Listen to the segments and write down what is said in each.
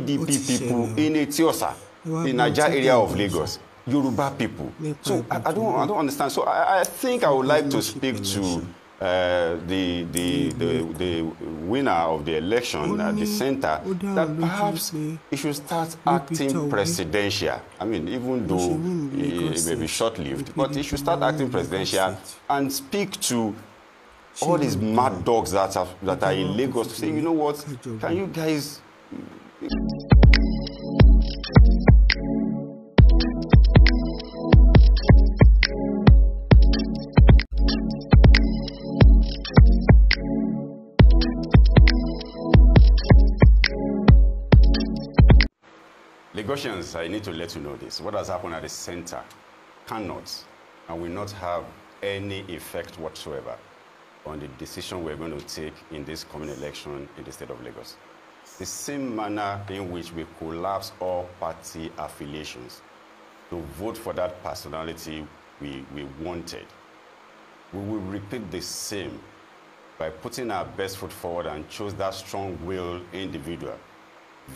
PDP people in Etiosa, in Niger area of Lagos. Yoruba people. So I, I don't I don't understand. So I, I think I would like to speak to uh, the, the, the, the winner of the election at the center that perhaps he should start acting presidential. I mean, even though it may be short-lived, but he should start acting presidential and speak to all these mad dogs that are, that are in Lagos to say, you know what, can you guys Lagosians, I need to let you know this. What has happened at the center cannot and will not have any effect whatsoever on the decision we're going to take in this coming election in the state of Lagos the same manner in which we collapse all party affiliations to vote for that personality we, we wanted. We will repeat the same by putting our best foot forward and choose that strong willed individual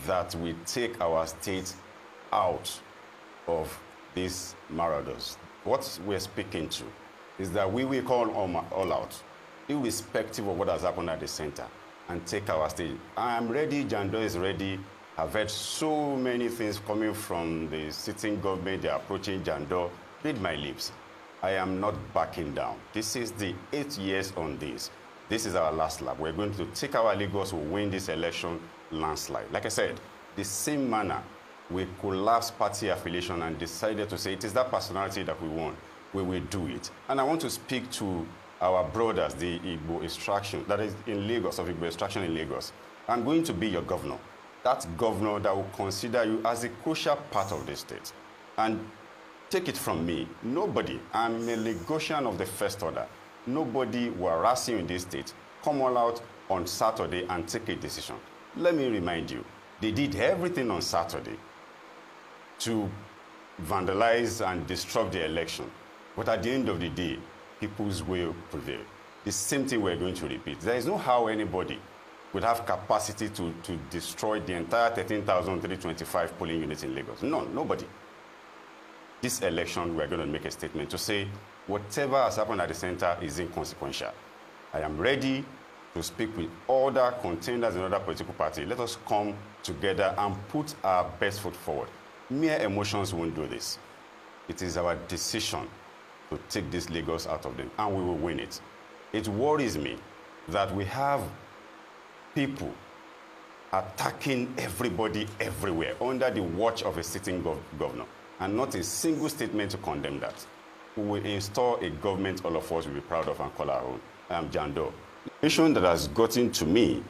that will take our state out of these marauders. What we're speaking to is that we will call all, all out, irrespective of what has happened at the center and take our stage. I am ready, Jando is ready. I've heard so many things coming from the sitting government, they're approaching Jando. Read my lips. I am not backing down. This is the eight years on this. This is our last lap. We're going to take our Lagos, will win this election landslide. Like I said, the same manner we collapsed party affiliation and decided to say it is that personality that we want. We will do it. And I want to speak to our brothers, the Igbo extraction, that is in Lagos, of Igbo extraction in Lagos, I'm going to be your governor. That governor that will consider you as a crucial part of the state. And take it from me, nobody, I'm a Lagosian of the first order, nobody will harass you in this state. Come all out on Saturday and take a decision. Let me remind you, they did everything on Saturday to vandalize and disrupt the election. But at the end of the day, people's will prevail. The same thing we're going to repeat. There is no how anybody would have capacity to, to destroy the entire 13,325 polling units in Lagos. No, nobody. This election, we're going to make a statement to say whatever has happened at the center is inconsequential. I am ready to speak with other contenders in other political parties. Let us come together and put our best foot forward. Mere emotions won't do this. It is our decision to take this Lagos out of them, and we will win it. It worries me that we have people attacking everybody everywhere under the watch of a sitting gov governor, and not a single statement to condemn that. We will install a government all of us will be proud of and call our own. I'm um, John Doe. The issue that has gotten to me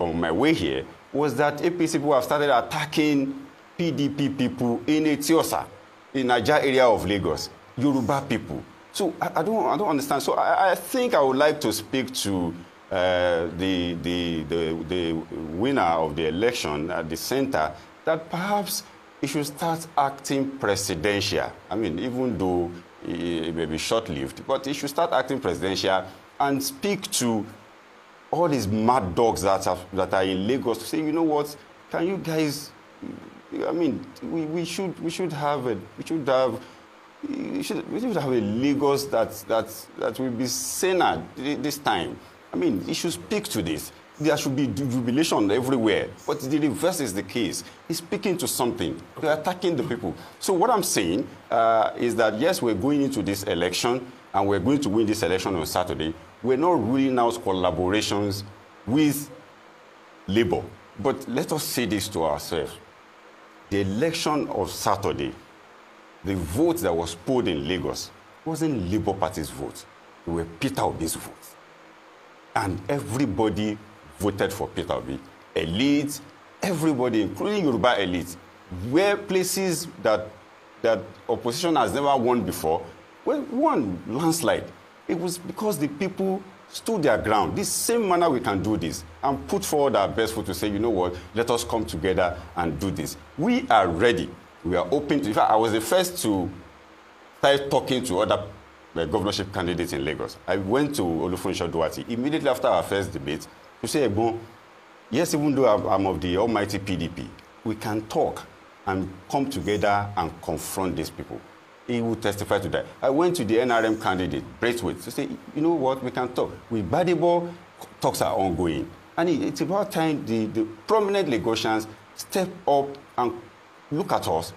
on my way here was that APC people have started attacking PDP people in Etiosa, in Niger area of Lagos. Yoruba people. So I, I, don't, I don't understand. So I, I, think I would like to speak to uh, the, the, the, the, winner of the election at the center that perhaps he should start acting presidential. I mean, even though it may be short-lived, but he should start acting presidential and speak to all these mad dogs that are, that are in Lagos to say, you know what, can you guys, I mean, we, we, should, we should have, a, we should have you should, we should have a Lagos that, that, that will be saner this time. I mean, he should speak to this. There should be jubilation everywhere. But the reverse is the case. He's speaking to something. They're attacking the people. So what I'm saying uh, is that, yes, we're going into this election, and we're going to win this election on Saturday. We're not ruling out collaborations with Labour. But let us say this to ourselves. The election of Saturday the vote that was pulled in Lagos wasn't Labour Party's vote. It were Peter Obi's vote. And everybody voted for Peter Obi. Elite, everybody, including Yoruba elite, where places that, that opposition has never won before, well, won landslide. It was because the people stood their ground. This same manner we can do this and put forward our best foot to say, you know what, let us come together and do this. We are ready. we are open to. In fact, I was the first to start talking to other uh, governorship candidates in Lagos. I went to Olufunso Duwati immediately after our first debate to say, Egbon, yes, even though I'm, I'm of the almighty PDP, we can talk and come together and confront these people. He will testify to that. I went to the NRM candidate, Braithwaite, to say, you know what, we can talk. With Badibo, talks are ongoing. And it's about time the, the prominent Lagosians step up and look at us,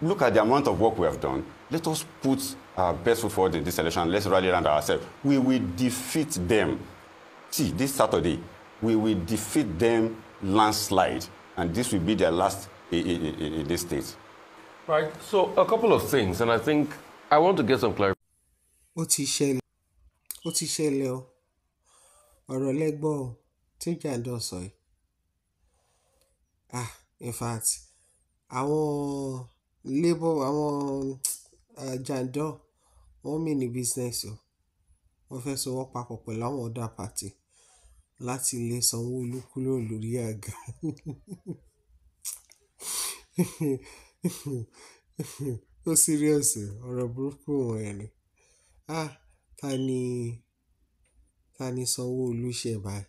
look at the amount of work we have done. Let us put our best foot forward in this election. Let's rally around ourselves. We will defeat them. See, this Saturday, we will defeat them landslide, and this will be their last in, in, in this state. Right. So, a couple of things, and I think I want to get some clarification. ó shelly, ṣẹlẹ̀ ó ti or a leg ball, think jàǹdọ̀ sọ yìí ah in fact àwọn labour, àwọn eh, jàndọ̀ wọ́n mean business o. Wọ́n fẹ́ sowọ́ papọ̀ pẹ̀lú àwọn other party láti lè Sanwó-Olu kúrò lórí àga. Ó serious o, ọ̀rọ̀ burúkú wọ̀nyẹn ni. Ah! Ta ni, ta ni Sanwó-Olu ṣẹ̀ báyìí?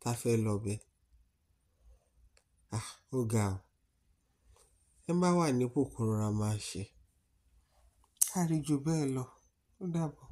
Ta fẹ́ lọ bẹ? Ah! Ó ga o. Ẹ bá wà nípò kó rọra máa ṣe. Kárí ju bẹ́ẹ̀ lọ. Ó dàbọ̀.